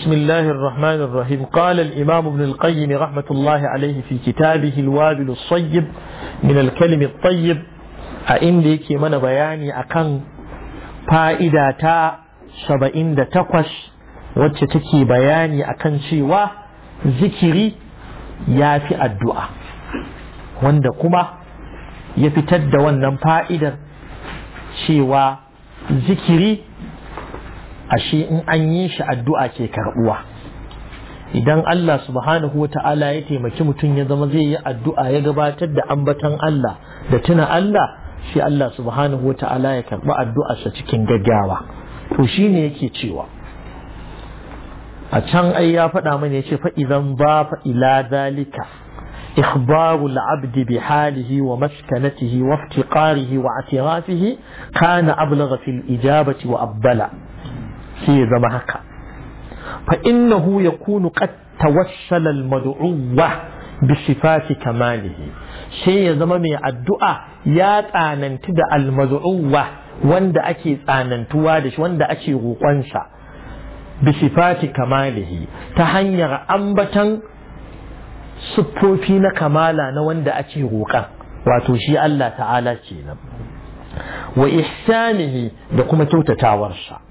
بسم الله الرحمن الرحيم قال الإمام ابن القيم رحمة الله عليه في كتابه الوابل الصيب من الكلم الطيب لك كمان بياني أكن فائدة تا سبعين دا تقوش وتتكي بياني أكن شيوا ذكري يافي الدعاء وندكما يفتد ونن فائدة شيوا ذكري ashe in an yi shi addu'a ke karbuwa idan Allah subhanahu wataala ya taimaki mutun ya zama zai yi addu'a ya gabatar da ambatan Allah da tuna Allah shi Allah subhanahu wataala ya ya karɓi sa cikin gaggawa to shine yake cewa a can ai ya faɗa mana yace fa idan ba fa ila zalika إخبار العبد بحاله ومسكنته وافتقاره واعترافه كان أبلغ في الإجابة وأبلغ sai ya zama haka fa innahu yakunu qad tawassala al-mad'uwa bi sifati kamalihi sai ya zama mai addu'a ya tsananti da al-mad'uwa wanda ake tsanantuwa da shi wanda ake roƙonsa bi sifati kamalihi ta hanyar ambatan siffofi na kamala na wanda ake roƙan wato shi Allah ta'ala kenan wa ihsanihi da kuma kyautatawarsa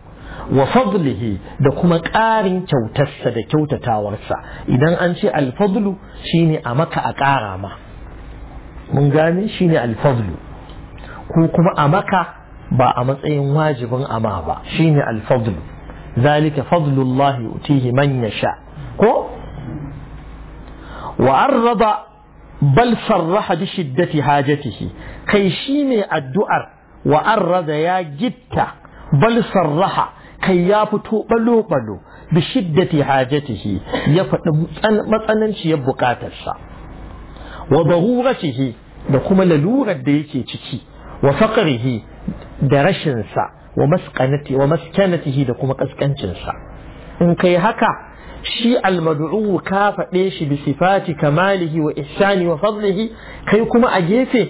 wa fadlihi da kuma ƙarin kyautarsa da kyautatawarsa idan an ce alfadlu shine a maka a ƙara ma mun gane shine alfadlu ko kuma a maka ba a matsayin wajibin ama ba shine alfadlu zalika fadlullahi utihi man yasha ko wa arrada bal sarraha bi shiddati hajatihi kai shine addu'ar wa arrada ya gitta bal sarraha kai ya fito ballo ballo bi shiddati hajatihi ya fadi ya bukatar sa wa daruratihi da kuma lalurar da yake ciki wa faqrihi da rashin sa wa maskanati wa maskanatihi da kuma kaskancin sa in kai haka shi almad'u ka fade shi bi sifati kamalihi wa ihsani wa fadlihi kai kuma a gefe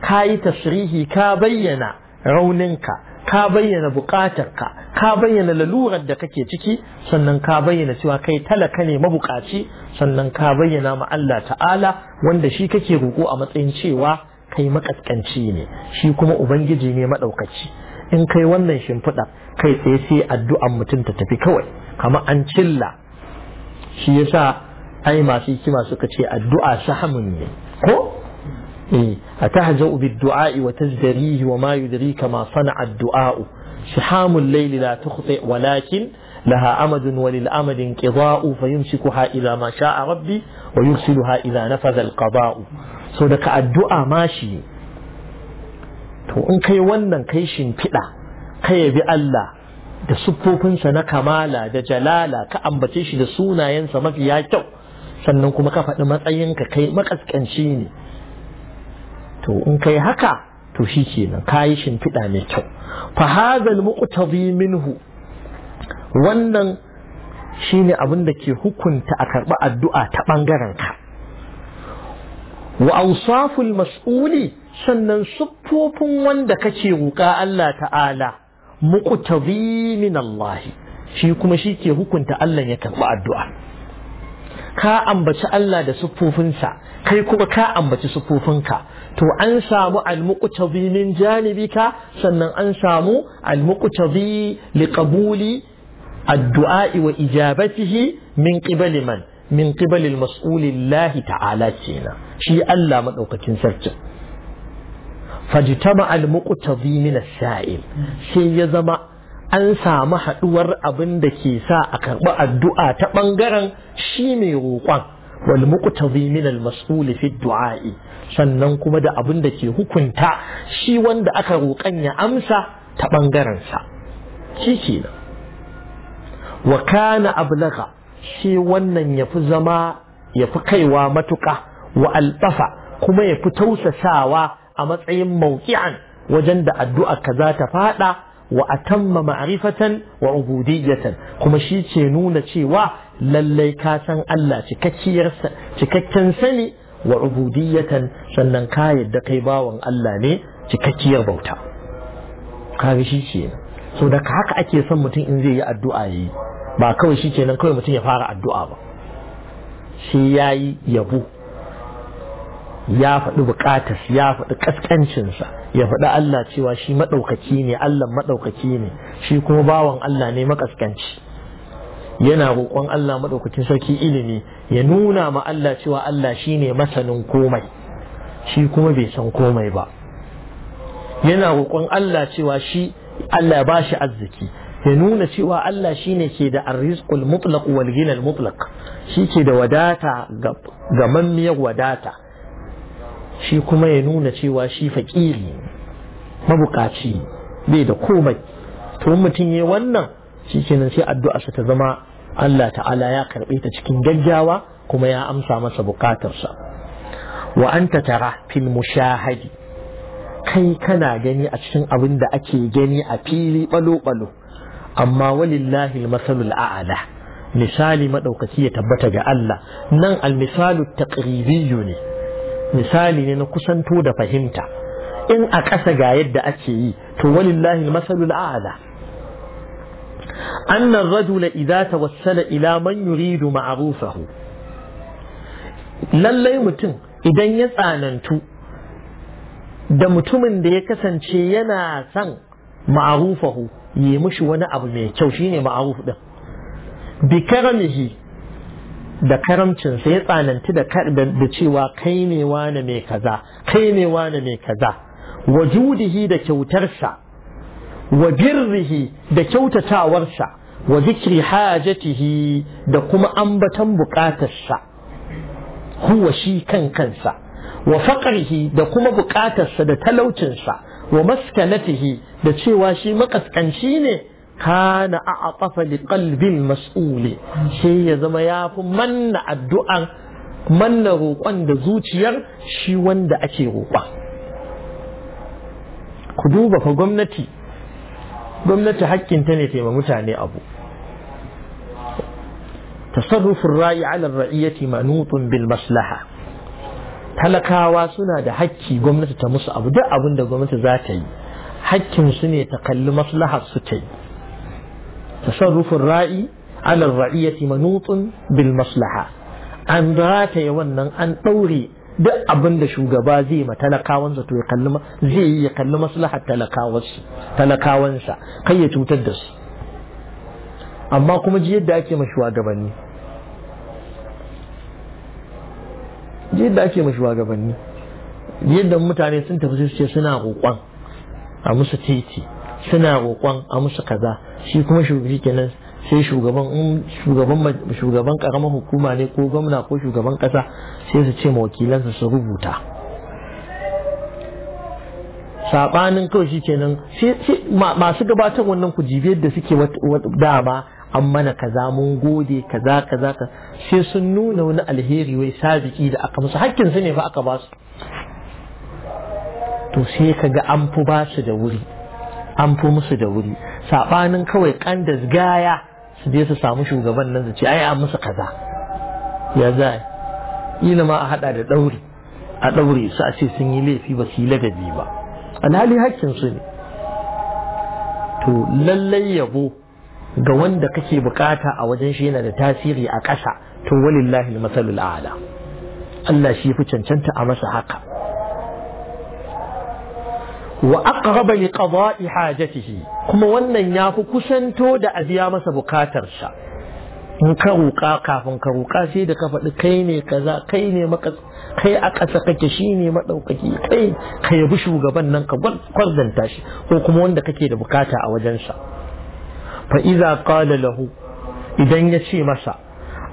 kai tasrihi ka bayyana rauninka ka bayyana bukatarka ka bayyana lalurar da kake ciki sannan ka bayyana cewa kai talaka ne mabukaci sannan ka bayyana ma Allah ta'ala wanda shi kake roƙo a matsayin cewa kai makaskanci ne shi kuma ubangiji ne madaukaci in kai wannan shimfiɗa kai tsaye sai addu'an mutum ta tafi kawai kamar an cilla shi yasa ai masu hikima suka ce addu'a sahamun ne ko eh atahja'u bid-du'a wa tazdarihi wa ma yudrika ma sana'a ad شحام الليل لا تخطئ ولكن لها أمد وللأمد انقضاء فيمسكها إذا ما شاء ربي ويرسلها إذا نفذ القضاء so daga addu'a ma shi ne to in kai wannan kai shimfiɗa ka yabi Allah da siffofinsa na kamala da jalala ka ambace shi da sunayensa mafiya kyau sannan kuma ka faɗi matsayinka kai makaskanci ne to in kai haka to shi kenan ka yi shimfiɗa mai kyau fa hadhal muqtadi minhu wannan shine abin da ke hukunta a karɓi addu'a ta ɓangaren ka wa awsaful mas'uli sannan siffofin wanda kake wuƙa Allah ta'ala muqtadi min Allah shi kuma shi ke hukunta Allah ya karɓi addu'a ka ambaci Allah da siffofinsa kai kuma ka ambaci siffofinka to an samu al-muqtabi min janibika sannan an samu al-muqtabi li qabuli addu'a wa ijabatihi min qibali man min qibali al Allah ta'ala cina shi Allah madaukakin sarki fajtama al-muqtabi min as-sa'il sai ya zama an samu haduwar abin da ke sa a karba addu'a ta bangaren shi mai roƙon wal muqtadi min al masuli fi ad-du'a sannan kuma da abin da ke hukunta shi wanda aka roƙan ya amsa ta ɓangarensa shi ke nan wa kana ablaga shi wannan ya fi zama ya fi kaiwa matuƙa wa alɓafa kuma ya fi tausasawa a matsayin mauki'an wajen da addu'a ka za ta faɗa wa atamma ma'rifatan wa ubudiyatan kuma shi ce nuna cewa lallai ka san Allah cikakken sani wa ubudiyatan sannan ka yadda kai bawan Allah ne cikakkiyar bauta ga shi ke so da haka ake son mutum in zai yi addu'a yi ba kawai shi kenan kawai mutum ya fara addu'a ba shi ya yi yabo ya faɗi buƙatas ya faɗi ƙasƙancinsa ya faɗi Allah cewa shi maɗaukaki ne Allah maɗaukaki ne shi kuma bawan Allah ne maƙaskanci. yana roƙon Allah madaukakin sarki ilimi ya nuna ma Allah cewa Allah shine masanin komai shi kuma bai san komai ba yana roƙon Allah cewa shi Allah ya bashi arziki ya nuna cewa Allah shine ke da arrizqul mutlaq wal ghina mutlaq shi ke da wadata ga mammiyar wadata shi kuma ya nuna cewa shi fakiri, mabukaci bai da komai to mutum ya wannan shi kenan sai addu'arsa ta zama Allah ta'ala ya karɓe ta cikin gaggawa kuma ya amsa masa bukatarsa wa anta tara fil mushahadi kai kana gani a cikin abin da ake gani a fili balo-balo amma walillahi masalul a'ala misali madaukaki ya tabbata ga Allah nan almisalu taqribiyyu ne misali ne na kusanto da fahimta in a ƙasa ga yadda ake yi to walillahi masalul a'ala أن الرجل إذا توسل إلى من يريد معروفه lallai mutum idan ya tsanantu da mutumin da ya kasance yana son ma'arufahu yi mushi wani abu mai kyau shine ma'aruf din bi karamihi da karamcinsa ya tsananti da cewa kai ne wani mai kaza kai ne wani mai kaza wajudihi da kyautarsa wa birrihi da kyautatawarsa wa zikri hajatihi da kuma ambatan bukatarsa huwa shi kan kansa wa faqrihi da kuma bukatarsa da talaucinsa wa maskanatihi da cewa shi makaskanci ne kana a'tafa li qalbil mas'uli sai ya zama fi manna addu'an manna roƙon da zuciyar shi wanda ake ruƙa. ku duba fa gwamnati gwamnati hakkinta ne taimaka mutane abu tasarrufin ra'i ala ra'iyyati manutun bil maslaha talakawa suna da hakki gwamnati ta musu abu duk abin da gwamnati za ta yi hakkin su ne ta kalli maslahar su ta yi tasarrufin ra'i ala ra'iyyati manutun bil maslaha an rataye wannan an ɗaure duk abin da shugaba zai ma talakawansa zato ya kalli zai yi ya kalli maslahar talakawansa kai ya cutar da su amma kuma ji yadda ake ma shugabanni ji yadda ake ma shugabanni yadda mutane sun tafi su ce suna roƙon a musu titi suna roƙon a musu kaza shi kuma shugaba kenan sai shugaban in shugaban shugaban karamar hukuma ne ko gwamna ko shugaban kasa sai su ce wakilansa su rubuta sabanin kawai shi kenan masu gabatar wannan ku jibiyar da suke dama an mana kaza mun gode kaza kaza ka sai sun nuna wani alheri wai sabiki da aka musu hakkin su ne fa aka ba su to sai ka ga an fi ba su da wuri an fi musu da wuri sabanin kawai kandas gaya su je su samu shugaban nan su ce ai a musu kaza ya za ina ma a hada da ɗauri a ɗaure su a ce sun yi laifi ba su yi ladabi ba alhali hakkin su ne to lallai yabo ga wanda kake bukata a wajen shi yana da tasiri a ƙasa to walillahi masalul a'la Allah shi fi cancanta a masa haka wa aqraba li qada'i hajatihi kuma wannan ya fi kusanto da a biya masa bukatarsa in ka ruka kafin ka roƙa sai da ka faɗi kai ne kaza kai ne kai a ƙasa kake shi ne maɗaukaki kai ka yabi shugaban nan ka kwarzanta shi ko kuma wanda kake da bukata a wajensa fa iza qala lahu idan ya ce masa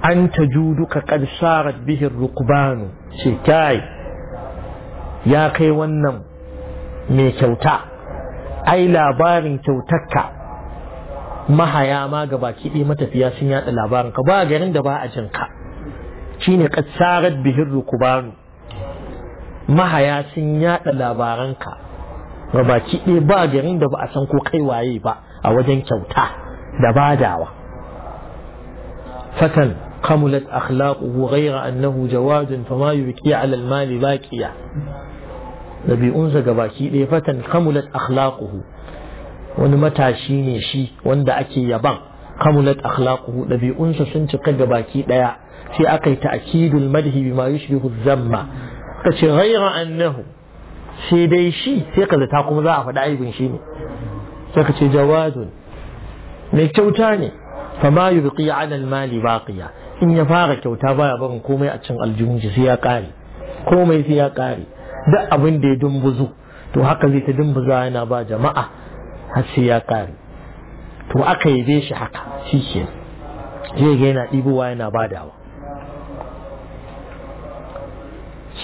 an ta juduka kad sarat bihi rukbanu ce kai ya kai wannan mai kyauta ai labarin kyautarka mahaya ma ga baki ɗaya matafiya sun yaɗa labarin ka ba garin da ba a jin ka shine qad bihin rukubanu mahaya sun yaɗa labaran ka ga baki ɗaya ba garin da ba a san ko kai waye ba a wajen kyauta da badawa fatan kamulat akhlaquhu ghayra annahu jawadun fama yubki ala al baqiya ɗabi'unsa ga baki ɗaya fatan kamulat akhlaquhu wani matashi ne shi wanda ake yaban kamulat akhlaquhu unsa sun cika ga baki ɗaya sai aka yi ta'kidul madhi bima yushbihu zamma ka ce ghaira annahu sai dai shi sai ka zata kuma za a faɗi aibin shi ne sai ka ce jawazun mai kyauta ne fama yubqi ala mali baqiya in ya fara kyauta baya barin komai a cin aljihun sai ya kare komai sai ya kare duk abin da ya dumbuzu to haka zai ta dumbuza yana ba jama'a har sai ya kare to aka yabe shi haka shi ke zai ga yana ɗibowa yana badawa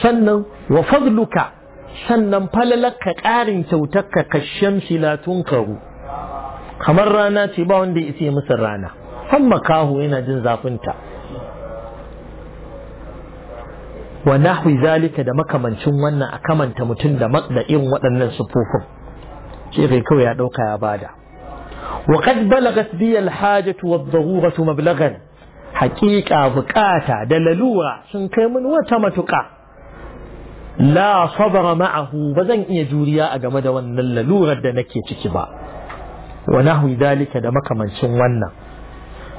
sannan wa fadluka sannan falalaka ƙarin kyautarka kashen filatun karu kamar rana ce ba wanda ya isa masa rana har makaho yana jin zafinta wa nahwi zalika da makamancin wannan a kamanta mutum da da irin waɗannan sufufin shi kai kawai ya ɗauka ya bada wa qad balagat bi al hajatu wa daruratu mablagan haqiqa buƙata da lalura sun kai mun wata matuƙa la sabara ma'ahu ba zan iya juriya a game da wannan lalurar da nake ciki ba wa nahwi zalika da makamancin wannan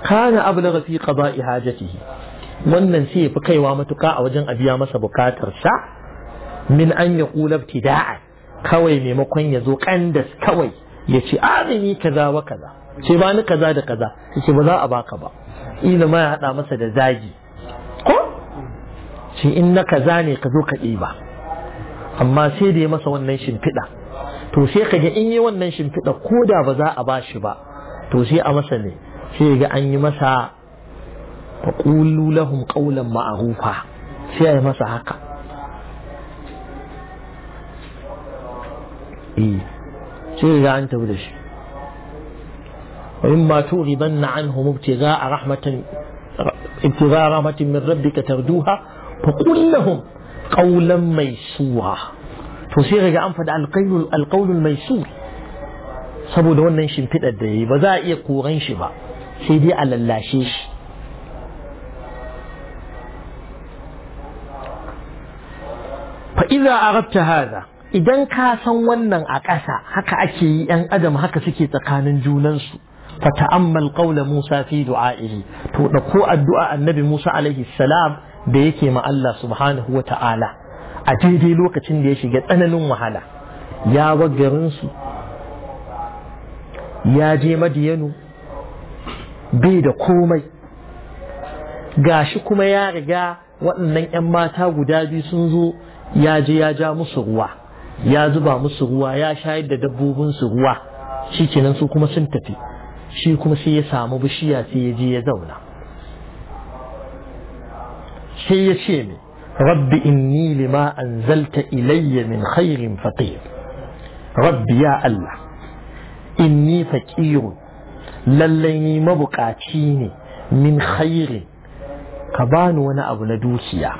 kana ablagha fi qada'i hajatihi wannan sai ya fi kaiwa matuka a wajen a biya masa bukatarsa min an ya kula ibtida'a kawai maimakon ya zo kandas kawai ya ce azumi kaza wa kaza ce ba ni kaza da kaza ce ba za a baka ba Ina ma ya hada masa da zagi ko ce in na kaza ne ka zo ka ɗiba amma sai da ya masa wannan shimfiɗa to sai ka ga in yi wannan shimfiɗa ko da ba za a ba shi ba to sai a masa ne sai ga an yi masa فقولوا لهم قولا معروفا سي ما هكا اي سي اذا انت بدش واما تغضبن عنهم ابتغاء رحمه ابتغاء رحمه من ربك تردوها فقل لهم قولا ميسورا فسير يا انفد القول القول الميسور سبو دون نشم في الدهي بزا اي سيدي على اللاشيش iza arabta haza idan ka san wannan a ƙasa haka ake yi ‘yan adam haka suke tsakanin junansu fa ta'ammal qawla Musa fi du'a'ihi to da ko addu'a annabi Musa alaihi salam da yake ma Allah subhanahu wa ta'ala a daidai lokacin da ya shiga tsananin wahala ya wa garinsu ya je madiyanu bai da komai gashi kuma ya riga waɗannan ‘yan mata guda biyu sun zo ya je ya ja musu ruwa ya zuba musu ruwa ya shayar da dabbobin su ruwa shi kenan su kuma sun tafi shi kuma sai ya samu bishiya sai ya je ya zauna sai ya ce ne rabbi inni lima anzalta ilayya min khairin faqir rabbi ya Allah inni faqirun lallai ni mabukaci ne min khairin ka bani wani abu na dukiya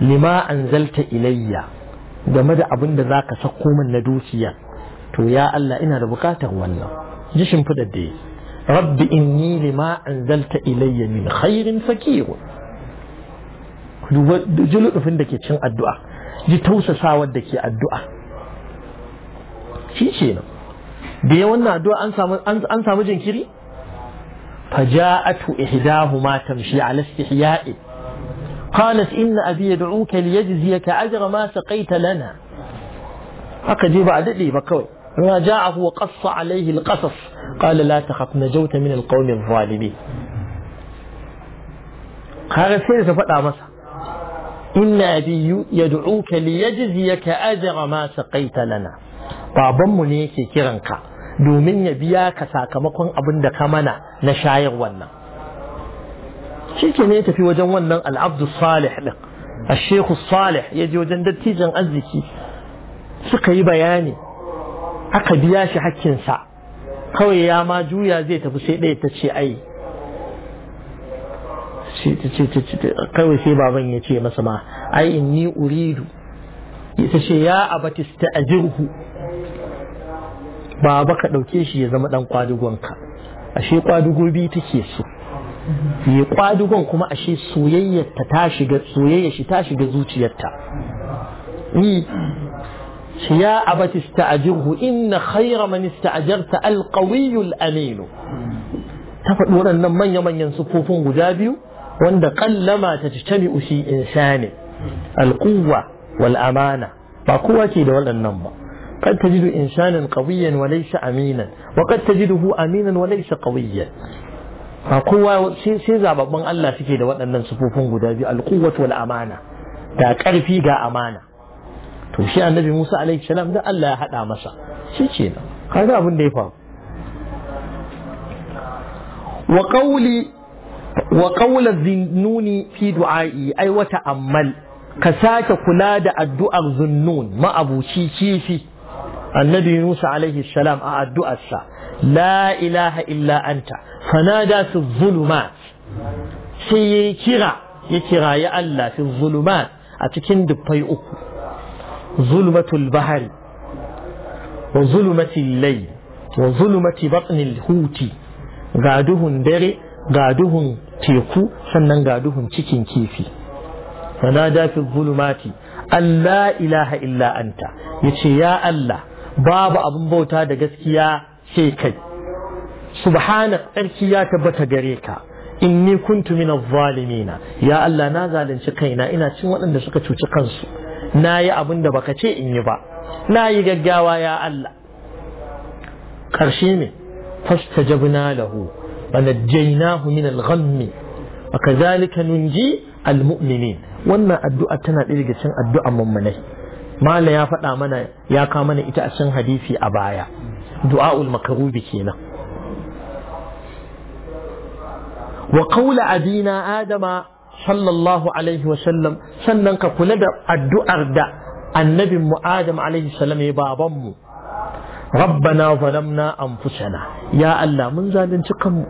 lima anzalta ilayya game da abin da zaka sako min na dukiya to ya Allah ina da bukatar wannan ji shimfidar da yi rabbi inni lima anzalta ilayya min khairin fakir ji lufin da ke cin addu'a ji sawar da ke addu'a shi ce nan da ya wannan addu'a an samu jinkiri fa ja'atu matamshi tamshi ala قالت إن أبي يدعوك ليجزيك أجر ما سقيت لنا أكجيب لي بكوي ما جاءه وقص عليه القصص قال لا تخف نجوت من القوم الظالمين قال سيرك فتا مسا إن أبي يدعوك ليجزيك أجر ما سقيت لنا babanmu نيكي كيرنكا دومين يبياك ساكمكم biya ka نشاير abin shi ke ne ya tafi wajen wannan al'abdu salih ɗin a shekhu salih ya ji wajen dattijan arziki suka yi bayani aka biya shi hakkinsa kawai ya ma juya zai tafi sai ɗaya ta ce ai kawai sai baban ya ce masa ma ai inni uridu ta ce ya abatista a ajirhu baba ka ɗauke shi ya zama ɗan kwadugonka ashe kwadugo biyu take so mai kwadugon kuma ashe soyayyar ta shiga soyayya shi ta shiga zuciyarta shi ya abati ista'jirhu inna khayra man ista'jarta alqawiyul amin ta faɗi waɗannan manya-manyan sufofin guda biyu wanda kallama ta tabi shi insani alquwa wal amana ba kowa ke da waɗannan ba قد تجد إنسانا قويا وليس أمينا وقد تجده أمينا وليس قويا a kowa sai Allah suke da waɗannan sufufin guda biyu alquwwat wal amana da ƙarfi ga amana to shi annabi Musa alaihi salam da Allah ya hada masa shi ce kaga abin da ya faru wa qawli wa qawla zinnuni fi du'a'i ai wata ammal ka sake kula da addu'ar zunnun ma'abuci kifi annabi Musa alaihi salam a addu'arsa la ilaha illa anta fanada fi zulumat sai ya kira ya kira ya Allah fi zulumat a cikin dubbai uku zulmatul bahari wa zulmatil layl wa zulmati batnil huti ga duhun dare ga duhun teku sannan ga duhun cikin kifi fanada fi zulumati an la ilaha illa anta yace ya Allah babu abin bauta da gaskiya sai kai subhanak tsarki ya tabbata gare ka inni kuntu min zalimina ya Allah na zalunci kaina ina cin waɗanda suka cuci kansu na yi abin da baka ce in yi ba na yi gaggawa ya Allah ƙarshe ne fastajabna lahu ونجيناه من الغم nunji al المؤمنين wannan addu'a tana ɗaya daga cikin addu'a mummunai malam ya faɗa mana ya kawo mana ita a cikin hadisi a baya du'a'ul makarubi kenan wa qawla abina adama sallallahu alaihi wa sallam sannan ka kula da addu'ar da annabin mu adam alaihi sallam ya baban mu rabbana zalamna anfusana ya Allah mun zalunci kanmu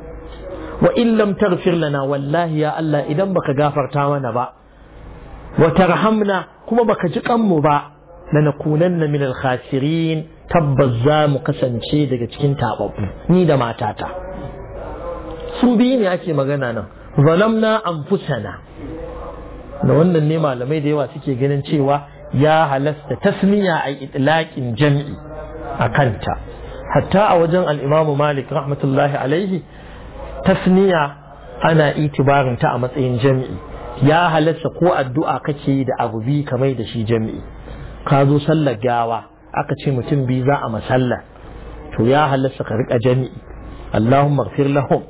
wa in lam taghfir lana wallahi ya Allah idan baka gafarta mana ba wa tarhamna kuma baka ji kanmu ba lanakunanna min al-khasirin tabbas za mu kasance daga cikin tababbu ni da matata su biyu ne ake magana nan zalamna anfusana da wannan ne malamai da yawa suke ganin cewa ya halasta tasmiya a itlaqin jam'i a kanta hatta a wajen al-Imam Malik rahmatullahi alaihi tasmiya ana itibarin ta a matsayin jam'i ya halasta ko addu'a kake da abu bi kamar da shi jam'i ka zo sallar gawa aka ce mutum bi za a masalla to ya halasta ka rika jami'i Allahumma ighfir lahum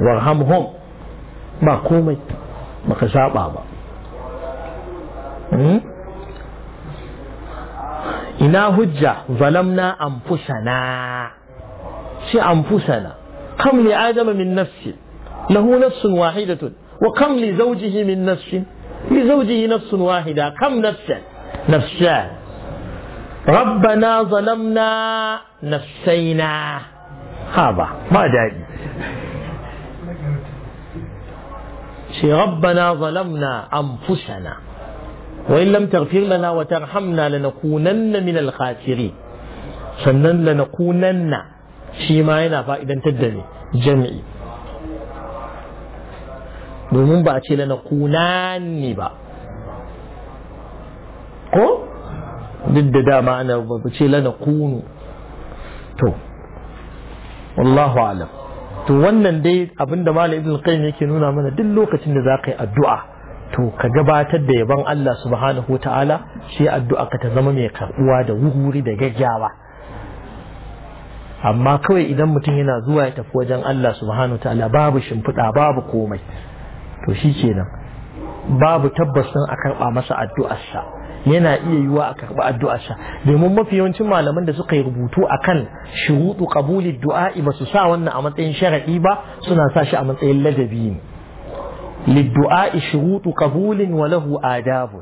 warhamhum ba komai baka saba ba ina hujja zalamna anfusana shi anfusana kam li adama min nafsi lahu nafsun wahidatun wa kam li zawjihi min nafsin li zawjihi nafsun wahida kam nafsan نفسا ربنا ظلمنا نفسينا هذا ما داعي شي ربنا ظلمنا أنفسنا وإن لم تغفر لنا وترحمنا لنكونن من الخاسرين sannan لنكونن شي ما هنا fa'idantar da جمعي domin ba a ce ba ko duk da dama ana babu ce lana kunu to wallahu alam to wannan dai abinda malam ibn qayyim yake nuna mana duk lokacin da za ka yi addu'a to ka gabatar da yaban Allah subhanahu ta'ala sai addu'a ka ta zama mai karbuwa da wuri da gaggawa amma kawai idan mutum yana zuwa ya tafi wajen Allah subhanahu ta'ala babu shimfiɗa babu komai to shi kenan babu tabbas ɗin a karɓa masa addu'arsa yana iya yiwa a karɓi sa domin mafi yawancin malaman da suka yi rubutu akan shuruɗu qabuli du'a'i ba su sa wannan a matsayin sharadi ba suna sa shi a matsayin ladabi ne liddu'a'i shuruɗu ƙabulin walahu adabu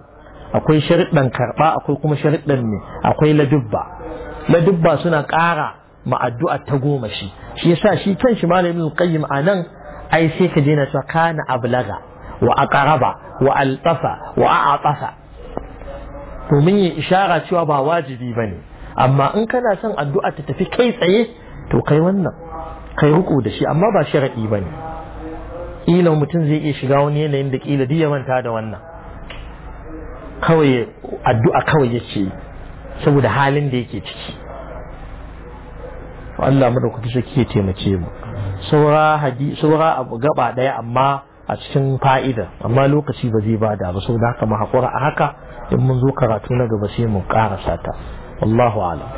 akwai sharuɗan karɓa akwai kuma sharuɗan ne akwai ladubba ladubba suna ƙara ma addu'a ta goma shi shi yasa shi kanshi malamin qayyim anan ai sai ka je na cewa kana ablaga wa aqraba wa altafa wa a'tafa domin ya ishara cewa ba wajibi ba ne amma in kana son addu'a ta tafi kai tsaye to kai wannan kai ruku da shi amma ba sharaɗi ba ne ƙila mutum zai iya shiga wani yanayin da ƙila duk ya manta da wannan kawai addu'a kawai yake saboda halin da yake ciki Allah madaukaki saki ya taimake mu saura hadi saura gaba daya amma a cikin fa'ida amma lokaci ba zai bada ba saboda haka mu hakura a haka in mun zo karatu na gaba sai mu karasa ta wallahu a'lam